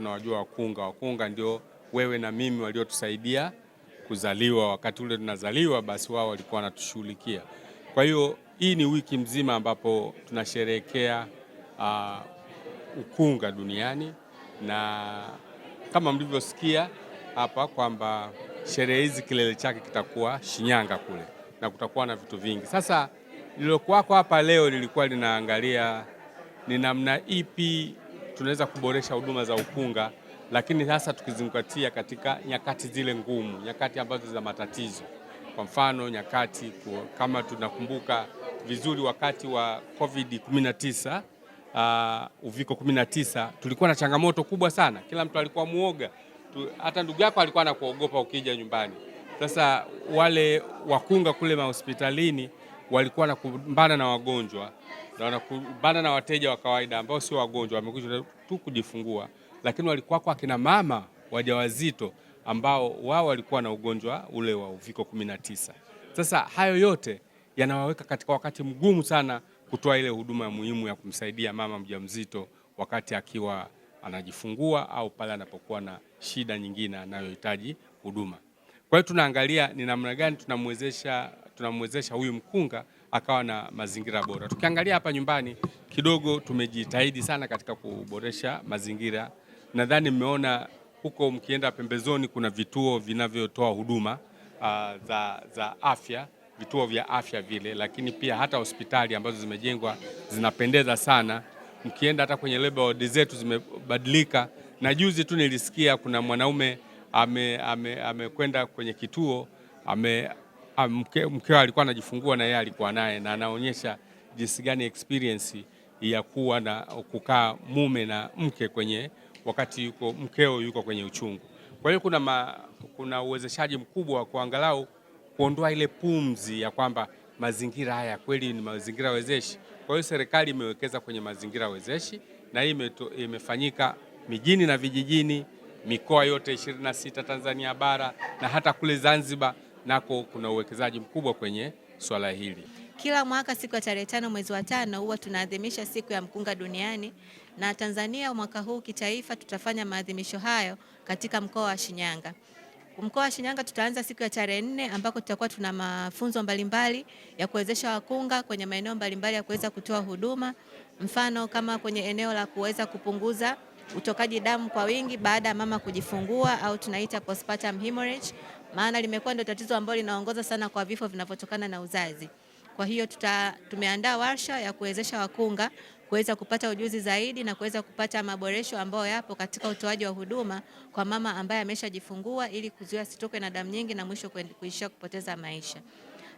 tunawajua wakunga. Wakunga ndio wewe na mimi waliotusaidia kuzaliwa. Wakati ule tunazaliwa, basi wao walikuwa wanatushughulikia. Kwa hiyo hii ni wiki mzima ambapo tunasherehekea uh, ukunga duniani, na kama mlivyosikia hapa kwamba sherehe hizi kilele chake kitakuwa Shinyanga kule, na kutakuwa na vitu vingi. Sasa lilokuwako hapa leo lilikuwa linaangalia ni namna ipi tunaweza kuboresha huduma za ukunga, lakini hasa tukizingatia katika nyakati zile ngumu, nyakati ambazo za matatizo. Kwa mfano nyakati kama tunakumbuka vizuri wakati wa COVID 19 uh, ah, uviko 19 tulikuwa na changamoto kubwa sana, kila mtu alikuwa muoga tu, hata ndugu yako alikuwa anakuogopa ukija nyumbani. Sasa wale wakunga kule mahospitalini walikuwa wanakumbana na wagonjwa na wanakumbana na wateja wa kawaida ambao sio wagonjwa, wamekuja tu kujifungua, lakini walikuwa kwa kina mama wajawazito ambao wao walikuwa na ugonjwa ule wa uviko 19. Sasa hayo yote yanawaweka katika wakati mgumu sana kutoa ile huduma muhimu ya kumsaidia mama mjamzito wakati akiwa anajifungua au pale anapokuwa na shida nyingine anayohitaji huduma. Kwa hiyo tunaangalia ni namna gani tunamwezesha tunamwezesha huyu mkunga akawa na mazingira bora. Tukiangalia hapa nyumbani kidogo, tumejitahidi sana katika kuboresha mazingira. Nadhani mmeona huko, mkienda pembezoni, kuna vituo vinavyotoa huduma uh, za, za afya, vituo vya afya vile, lakini pia hata hospitali ambazo zimejengwa zinapendeza sana. Mkienda hata kwenye lebo zetu zimebadilika, na juzi tu nilisikia kuna mwanaume amekwenda ame, ame kwenye kituo ame mkeo ah, mke alikuwa anajifungua na yeye alikuwa naye, na anaonyesha jinsi gani experience ya kuwa na kukaa mume na mke kwenye wakati yuko mkeo yuko kwenye uchungu. Kwa hiyo kuna, ma, kuna uwezeshaji mkubwa wa kuangalau kuondoa ile pumzi ya kwamba mazingira haya kweli ni mazingira wezeshi. Kwa hiyo serikali imewekeza kwenye mazingira wezeshi na hii imefanyika mijini na vijijini, mikoa yote 26 Tanzania bara na hata kule Zanzibar nako kuna uwekezaji mkubwa kwenye swala hili. Kila mwaka siku ya tarehe tano mwezi wa tano huwa tunaadhimisha siku ya mkunga duniani, na Tanzania mwaka huu kitaifa tutafanya maadhimisho hayo katika mkoa wa Shinyanga. Mkoa wa Shinyanga tutaanza siku ya tarehe nne ambako tutakuwa tuna mafunzo mbalimbali ya kuwezesha wakunga kwenye maeneo mbalimbali ya kuweza kutoa huduma, mfano kama kwenye eneo la kuweza kupunguza utokaji damu kwa wingi baada ya mama kujifungua au tunaita postpartum hemorrhage, maana limekuwa ndio tatizo ambalo linaongoza sana kwa vifo vinavyotokana na uzazi. Kwa hiyo tuta, tumeandaa warsha ya kuwezesha wakunga kuweza kupata ujuzi zaidi na kuweza kupata maboresho ambayo yapo katika utoaji wa huduma kwa mama ambaye ameshajifungua ili kuzuia sitokwe na damu nyingi na mwisho kuishia kupoteza maisha.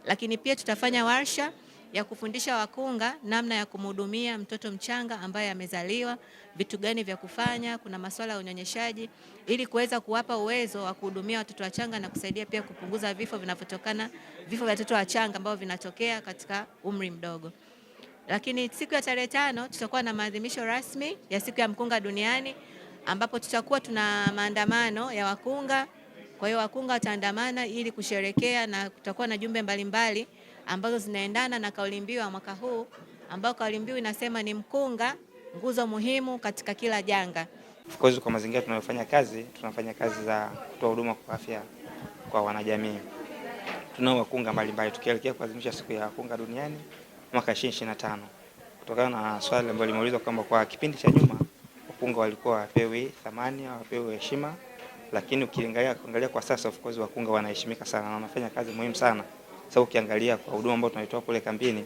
Lakini pia tutafanya warsha ya kufundisha wakunga namna ya kumhudumia mtoto mchanga ambaye amezaliwa, vitu gani vya kufanya, kuna masuala ya unyonyeshaji, ili kuweza kuwapa uwezo wa kuhudumia watoto wachanga na kusaidia pia kupunguza vifo vinavyotokana, vifo vya watoto wachanga ambao vinatokea katika umri mdogo. Lakini siku ya tarehe tano tutakuwa na maadhimisho rasmi ya siku ya mkunga duniani ambapo tutakuwa tuna maandamano ya wakunga. Kwa hiyo wakunga wataandamana ili kusherekea na kutakuwa na jumbe mbalimbali mbali ambazo zinaendana na kauli mbiu ya mwaka huu ambayo kauli mbiu inasema ni mkunga nguzo muhimu katika kila janga. Of course, kwa mazingira tunayofanya kazi, tunafanya kazi za kutoa huduma kwa afya kwa wanajamii. Tunao wakunga mbalimbali tukielekea kuadhimisha siku ya wakunga duniani mwaka 2025. Kutokana na swali ambalo limeulizwa kwamba kwa kipindi cha nyuma wakunga walikuwa wapewi thamani au wapewi heshima, lakini ukiangalia kuangalia kwa sasa, of course, wakunga wanaheshimika sana na wanafanya kazi muhimu sana sababu ukiangalia kwa huduma ambayo tunaitoa kule kambini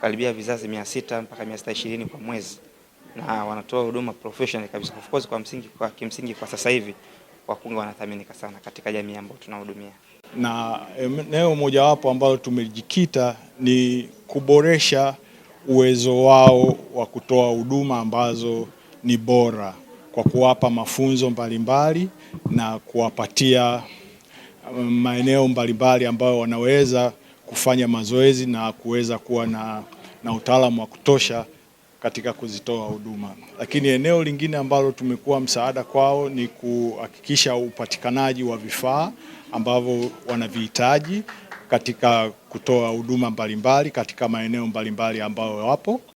karibia vizazi mia sita mpaka mia sita ishirini kwa mwezi na wanatoa huduma professional kabisa. Of course kwa msingi, kwa kimsingi kwa sasa hivi wakunga wanathaminika sana katika jamii ambayo tunahudumia, na eh, eneo mojawapo ambalo tumejikita ni kuboresha uwezo wao wa kutoa huduma ambazo ni bora kwa kuwapa mafunzo mbalimbali mbali, na kuwapatia mm, maeneo mbalimbali ambayo wanaweza kufanya mazoezi na kuweza kuwa na, na utaalamu wa kutosha katika kuzitoa huduma. Lakini eneo lingine ambalo tumekuwa msaada kwao ni kuhakikisha upatikanaji wa vifaa ambavyo wanavihitaji katika kutoa huduma mbalimbali katika maeneo mbalimbali ambayo wapo.